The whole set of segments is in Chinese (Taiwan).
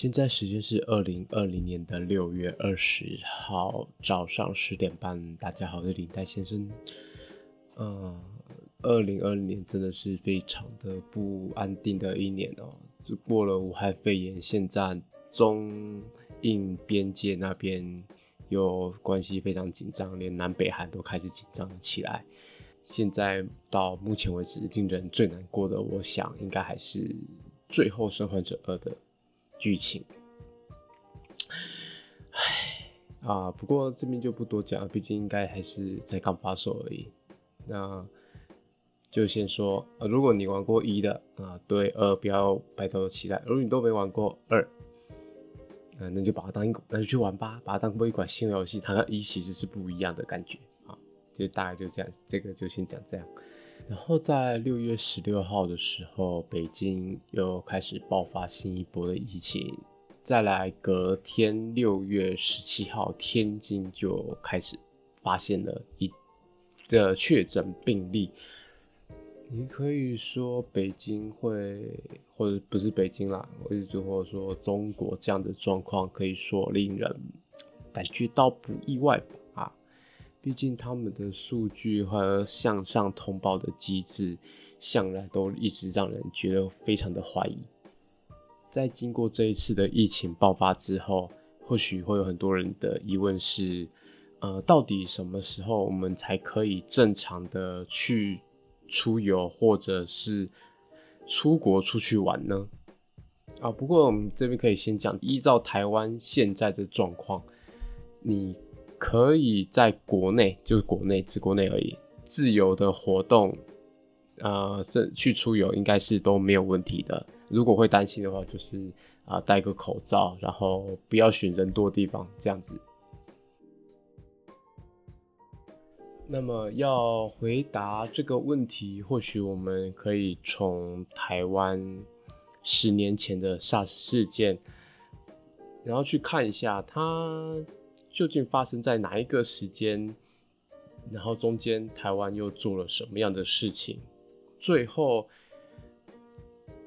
現在時間是二零二零年的六月二十號早上十點半。大家好，我是領帶先生。嗯，二零二零年真的是非常的不安定的一年哦。就過了武漢肺炎，現在中印邊界那邊有關係非常緊張，連南北韓都開始緊張起來。現在到目前為止，令人最難過的，我想應該還是最後生還者二的。劇情，唉，啊、呃，不過這邊就不多講，畢竟應該還是才剛發售而已。那就先說，啊、呃，如果你玩過一的，啊、呃，對二、呃、不要抱太多期待；如果你都沒玩過二、呃，那就把它當一，那就去玩吧，把它當做一款新遊戲，它和一其實是不一樣的感覺啊。就大概就這樣，這個就先講這樣。然後在六月十六號的時候，北京又開始爆發新一波的疫情。再來隔天六月十七號，天津就開始發現了一的確診病例。你可以說北京會，或者不是北京啦，我一直或者說中國這樣的狀況，可以說令人感覺到不意外。畢竟他們的數據和向上通報的機制，向來都一直讓人覺得非常的懷疑。在經過這一次的疫情爆發之後，或許會有很多人的疑問是：呃，到底什麼時候我們才可以正常的去出遊，或者是出國出去玩呢？啊，不過我們這邊可以先講，依照台灣現在的狀況，你。可以在國內，就是國內，只國內而已，自由的活動，啊、呃，是去出遊應該是都沒有問題的。如果會擔心的話，就是啊、呃，戴個口罩，然後不要選人多地方，這樣子。那麼要回答這個問題，或許我們可以從台灣十年前的 SARS 事件，然後去看一下它。究竟發生在哪一個時間？然後中間台灣又做了什麼樣的事情？最後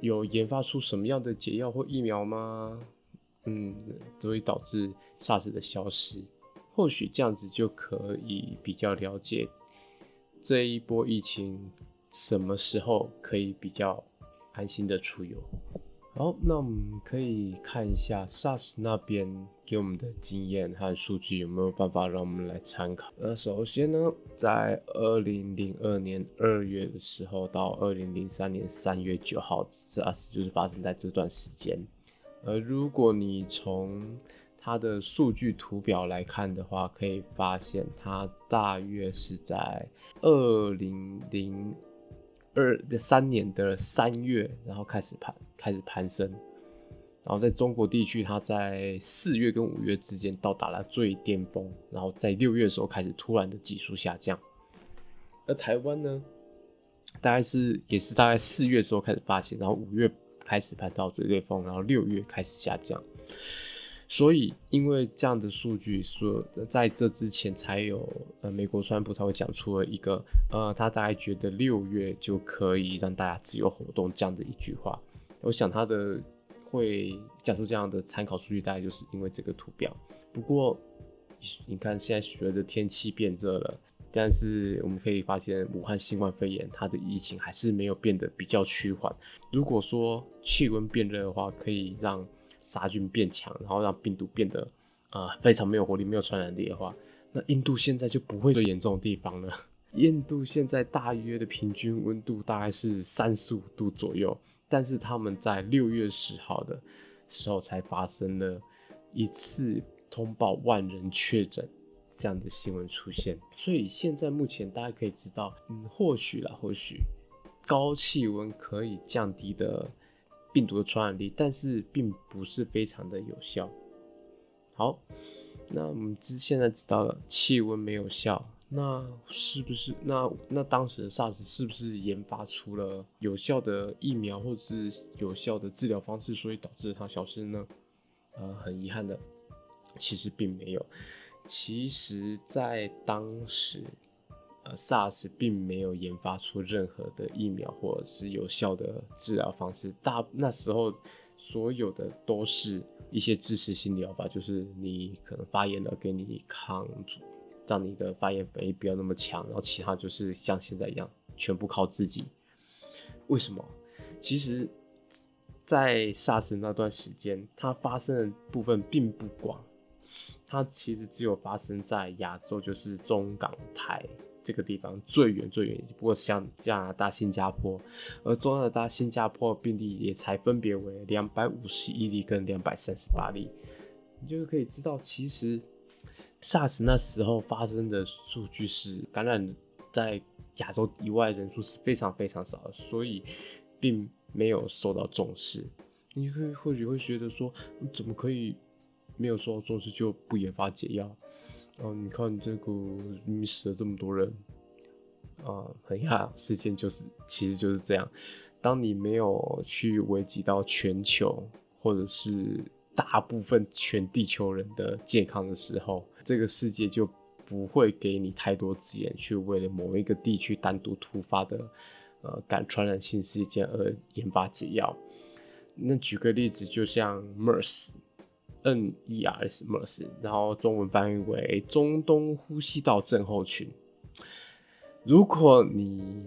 有研發出什麼樣的解藥或疫苗嗎？嗯，都會導致 SARS 的消失。或許這樣子就可以比較了解這一波疫情什麼時候可以比較安心的出遊。好，那我們可以看一下 SARS 那邊。給我們的經驗和數據有沒有辦法讓我們來參考？那首先呢，在二零零二年二月的時候到二零零三年三月九號，這二十就是發生在這段時間。而如果你從它的數據圖表來看的話，可以發現它大約是在二零零二三年的三月，然後開始盤開始攀升。然後在中國地區，它在四月跟五月之間到達了最巔峰，然後在六月的時候開始突然的急速下降。而台灣呢，大概是也是大概四月的時候開始發現，然後五月開始爬到最巔峰，然後六月開始下降。所以因為這樣的數據，說在這之前才有呃美國川普才會講出了一個呃他大概覺得六月就可以讓大家自由活動這樣的一句話。我想他的。會講出這樣的參考數據，大概就是因為這個圖表。不過，你看現在隨著天氣變熱了，但是我們可以發現武漢新冠肺炎它的疫情還是沒有變得比較趨緩。如果說氣溫變熱的話，可以讓殺菌變強，然後讓病毒變得啊、呃、非常沒有活力、沒有傳染力的話，那印度現在就不會最嚴重的地方了。印度現在大約的平均溫度大概是三十五度左右。但是他們在六月十號的時候才發生了一次通報萬人確診這樣的新聞出現，所以現在目前大家可以知道，嗯，或許啦，或許高氣溫可以降低的病毒的傳染力，但是並不是非常的有效。好，那我們知現在知道了，氣溫沒有效。那是不是那，那當時的 SARS 是不是研發出了有效的疫苗，或者是有效的治療方式，所以導致它消失呢？呃，很遺憾的，其實並沒有。其實，在當時，呃，SARS 並沒有研發出任何的疫苗或者是有效的治療方式。大那時候所有的都是一些支持性療法，就是你可能發炎了，給你抗組。讓你的發言能力不要那麼強，然後其他就是像現在一樣，全部靠自己。為什麼？其實，在 SARS 那段時間，它發生的部分並不廣，它其實只有發生在亞洲，就是中港台這個地方最遠最遠。不過像加拿大、新加坡，而加拿大、新加坡的病例也才分別為兩百五十一例跟兩百三十八例，你就可以知道，其實。SARS 那時候發生的數據是感染在亞洲以外人數是非常非常少的，所以並沒有受到重視。你會或許會覺得說，怎麼可以沒有受到重視就不研發解藥？嗯、呃，你看這個你死了這麼多人，嗯、呃，很遺憾，事件就是其實就是這樣。當你沒有去危及到全球，或者是。大部分全地球人的健康的時候，這個世界就不會給你太多資源去為了某一個地區單獨突發的，呃，感傳染性事件而研發解藥。那舉個例子，就像 MERS，N E R S MERS，然後中文翻譯為中東呼吸道症候群。如果你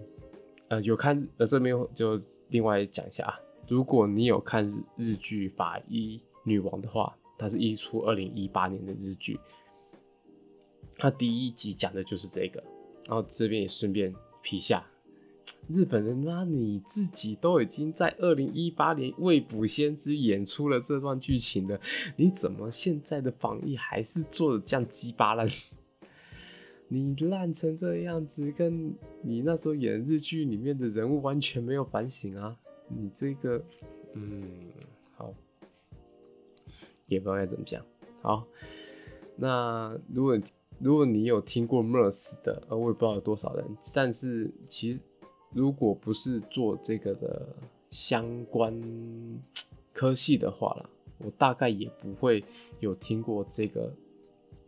呃有看呃這邊就另外講一下啊，如果你有看日劇《法醫》。女王的話，她是一出二零一八年的日劇，她第一集講的就是這個。然後這邊也順便皮下，日本人啊，你自己都已經在二零一八年未卜先知演出了這段劇情了，你怎麼現在的防疫還是做的這樣雞巴爛？你爛成這樣子，跟你那時候演的日劇裡面的人物完全沒有反省啊！你這個，嗯。也不知道該怎麼講。好，那如果，如果你有聽過 MERS 的，我也不知道有多少人，但是其實如果不是做這個的相關科系的話啦，我大概也不會有聽過這個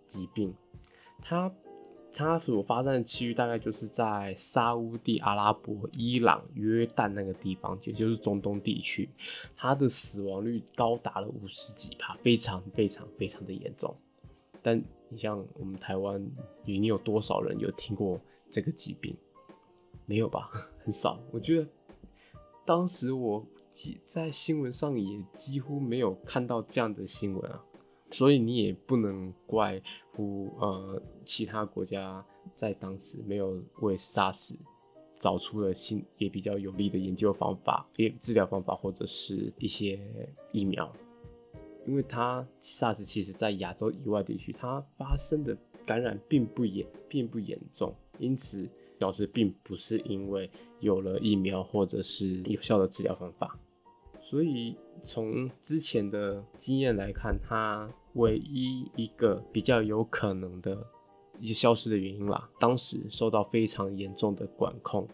疾病。它它所發生的區域大概就是在沙烏地、阿拉伯、伊朗、約旦那個地方，也就是中東地區。它的死亡率高達了五十幾帕，非常非常非常的嚴重。但你像我們台灣，你有多少人有聽過這個疾病？沒有吧？很少。我覺得當時我幾在新聞上也幾乎沒有看到這樣的新聞啊。所以你也不能怪乎，呃，其他國家在當時沒有為 SARS 找出了新也比較有力的研究方法，也治療方法，或者是一些疫苗，因為它 SARS 其實在亞洲以外地區它發生的感染並不嚴並不嚴重，因此表示並不是因為有了疫苗或者是有效的治療方法，所以。從之前的經驗來看，他唯一一個比較有可能的一些消失的原因吧。當時受到非常嚴重的管控。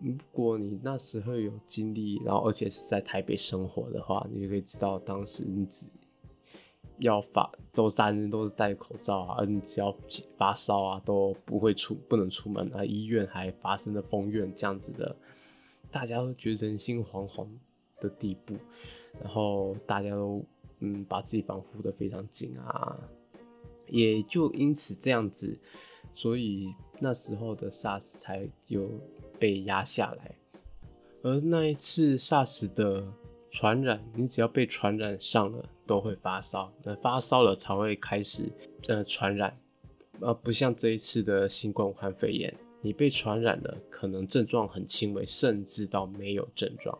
如果你那時候有經歷，然後而且是在台北生活的話，你就可以知道，當時你只要發都三日都是戴口罩啊，而你只要發燒啊都不會出不能出門啊，醫院還發生了封院這樣子的，大家都覺得人心惶惶，的地步，然後大家都嗯把自己防護得非常緊啊，也就因此這樣子，所以那時候的 SARS 才有被壓下來。而那一次 SARS 的傳染，你只要被傳染上了都會發燒，那發燒了才會開始呃傳染，而、呃、不像這一次的新冠肺炎，你被傳染了可能症狀很輕微，甚至到沒有症狀。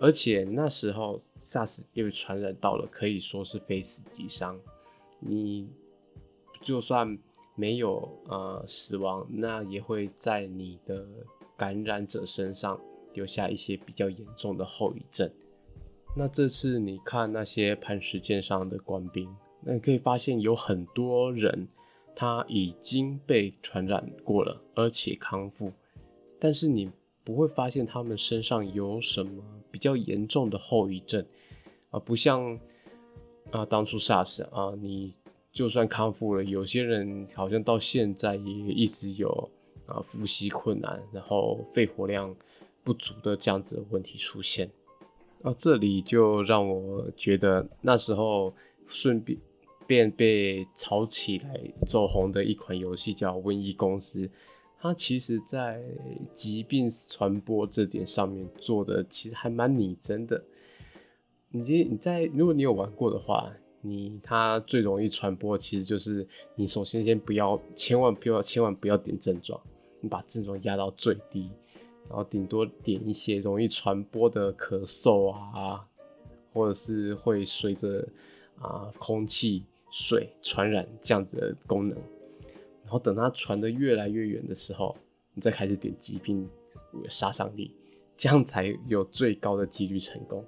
而且那時候 SARS 又傳染到了，可以說是非死即傷。你就算沒有呃死亡，那也會在你的感染者身上留下一些比較嚴重的後遺症。那這次你看那些磐石艦上的官兵，那你可以發現有很多人他已經被傳染過了，而且康復，但是你不會發現他們身上有什麼。比較嚴重的後遺症，啊，不像啊當初 SARS 啊，你就算康復了，有些人好像到現在也一直有啊呼吸困難，然後肺活量不足的這樣子的問題出現。啊，這裡就讓我覺得那時候順便便被炒起來走紅的一款遊戲叫《瘟疫公司》。它其實，在疾病傳播這點上面做的其實還蠻擬真的。你你在如果你有玩過的話，你它最容易傳播其實就是你首先先不要，千萬不要千萬不要點症狀，你把症狀壓到最低，然後頂多點一些容易傳播的咳嗽啊，或者是會隨着啊空氣、水傳染這樣子的功能。然後等它傳得越來越遠的時候，你再開始點疾病殺傷力，這樣才有最高的幾率成功。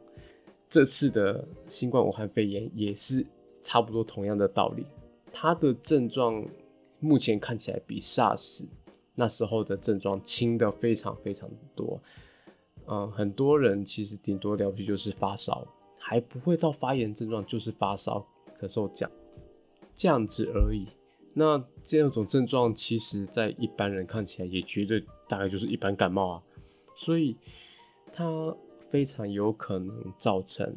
這次的新冠武漢肺炎也是差不多同樣的道理。它的症狀目前看起來比 SARS 那時候的症狀輕得非常非常多。嗯，很多人其實頂多了不起就是發燒，還不會到發炎症狀，就是發燒、咳嗽，這樣子而已。那這樣一種症狀，其實在一般人看起來也絕對大概就是一般感冒啊，所以它非常有可能造成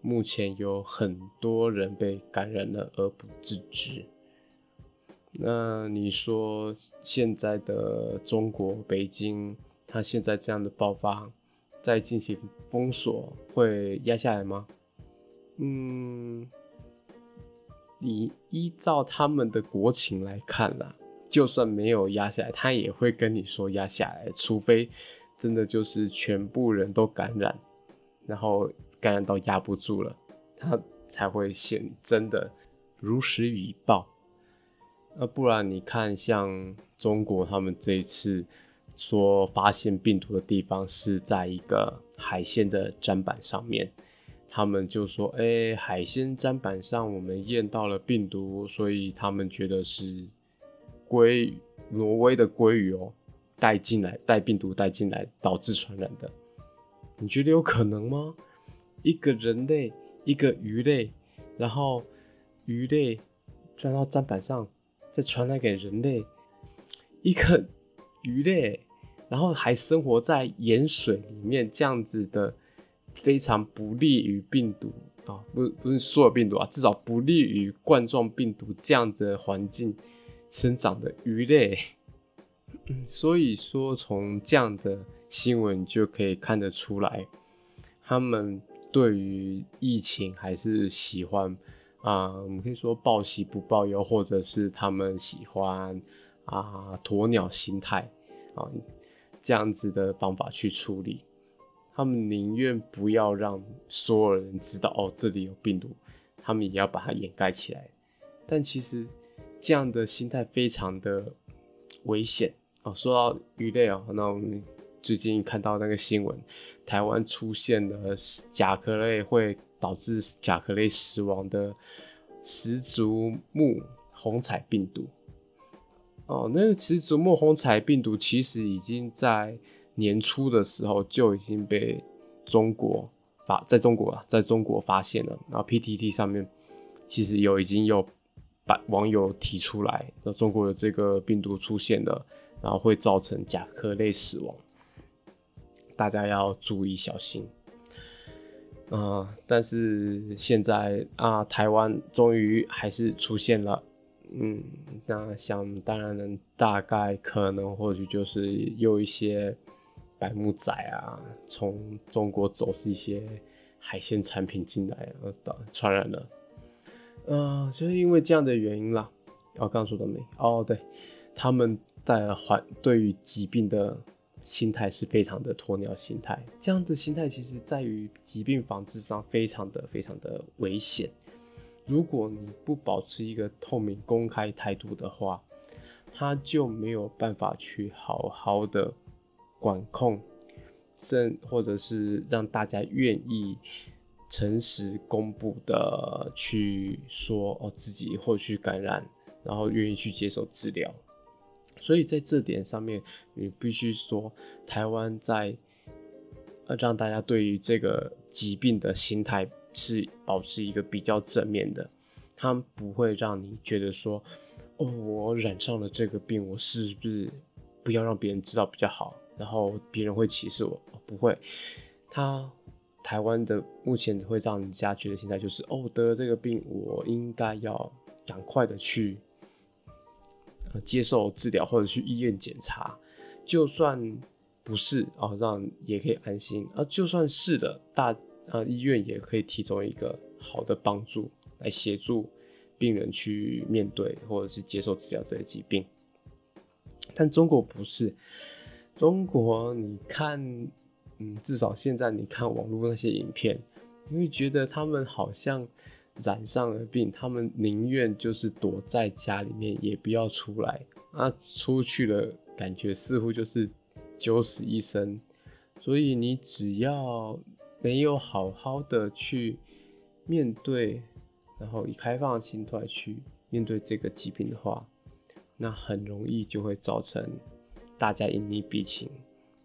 目前有很多人被感染了而不自知。那你說現在的中國北京，它現在這樣的爆發，再進行封鎖會壓下來嗎？嗯。你依照他們的國情來看啦，啊，就算沒有壓下來，他也會跟你說壓下來。除非真的就是全部人都感染，然後感染到壓不住了，他才會顯，真的如實以報。那不然你看，像中國他們這一次說發現病毒的地方是在一個海鮮的砧板，上面，他們就說：“哎、欸，海鮮砧板上我們驗到了病毒，所以他們覺得是鮭魚，挪威的鮭魚哦帶進來，帶病毒帶進來導致傳染的。你覺得有可能嗎？一個人類，一個魚類，然後魚類鑽到砧板上，再傳染給人類。一個魚類，然後還生活在鹽水裡面，這樣子的。”非常不利於病毒啊，不是不是所有病毒啊，至少不利於冠狀病毒這樣的環境生長的魚類。所以說，從這樣的新聞就可以看得出來，他們對於疫情還是喜歡啊，我、嗯、們可以說報喜不報憂，或者是他們喜歡啊鴕鳥心態啊這樣子的方法去處理。他們寧願不要讓所有人知道哦，這裡有病毒，他們也要把它掩蓋起來。但其實這樣的心態非常的危險哦。說到魚類哦，那我們最近看到那個新聞，台灣出現了甲殼類會導致甲殼類死亡的十足目虹彩病毒哦。那個十足目虹彩病毒其實已經在。年初的時候就已經被中國發在中國了，在中國發現了。然後 PTT 上面其實有已經有把網友提出來，說中國有這個病毒出現了，然後會造成甲殼類死亡，大家要注意小心。啊、呃，但是現在啊，台灣終於還是出現了。嗯，那想當然能大概可能或許就是有一些。海木仔啊，從中國走私一些海鮮產品進來，呃，傳染了，呃，就是因為這樣的原因啦。我剛剛說的沒？哦，對，他們在環對於疾病的心態是非常的鴕鳥心態，這樣的心態其實在於疾病防治上非常的非常的危險。如果你不保持一個透明公開態度的話，他就沒有辦法去好好的。管控，甚或者是讓大家願意誠實公布的去說，哦，自己或許感染，然後願意去接受治療。所以在這點上面，你必須說台灣在讓大家對於這個疾病的心態是保持一個比較正面的，他們不會讓你覺得說，哦，我染上了這個病，我是不是不要讓別人知道比較好。然後別人會歧視我？哦、不會，他台灣的目前會讓人家覺得現在就是哦，得了這個病，我應該要趕快的去、呃、接受治療或者去醫院檢查。就算不是啊，讓、哦、也可以安心啊。就算是的，大啊、呃、醫院也可以提供一個好的幫助來協助病人去面對或者是接受治療這些疾病。但中國不是。中國，你看，嗯，至少現在你看網絡那些影片，你會覺得他們好像染上了病，他們寧願就是躲在家裡面，也不要出來。那、啊、出去了感覺似乎就是九死一生。所以你只要沒有好好的去面對，然後以開放的心態去面對這個疾病的話，那很容易就會造成。大家隱匿病情，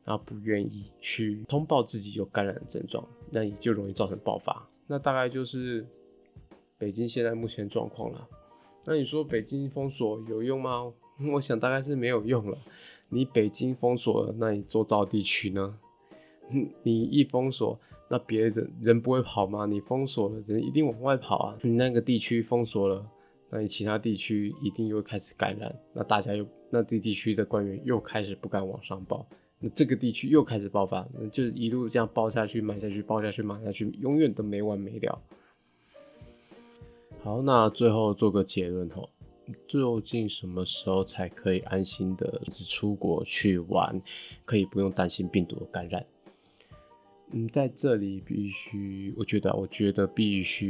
然後不願意去通報自己有感染的症狀，那你就容易造成爆發。那大概就是北京現在目前狀況了。那你說北京封鎖有用嗎？我想大概是沒有用了。你北京封鎖了，那你周遭地區呢？你一封鎖，那別人人不會跑嗎？你封鎖了，人一定往外跑啊。你那個地區封鎖了。那你其他地區一定又開始感染，那大家又那地地區的官員又開始不敢往上報，那這個地區又開始爆發，那就是一路這樣報下去、瞞下去、報下去、瞞下去，永遠都沒完沒了。好，那最後做個結論哈，究竟什麼時候才可以安心的出國去玩，可以不用擔心病毒的感染？嗯，在這裡必須，我覺得，我覺得必須。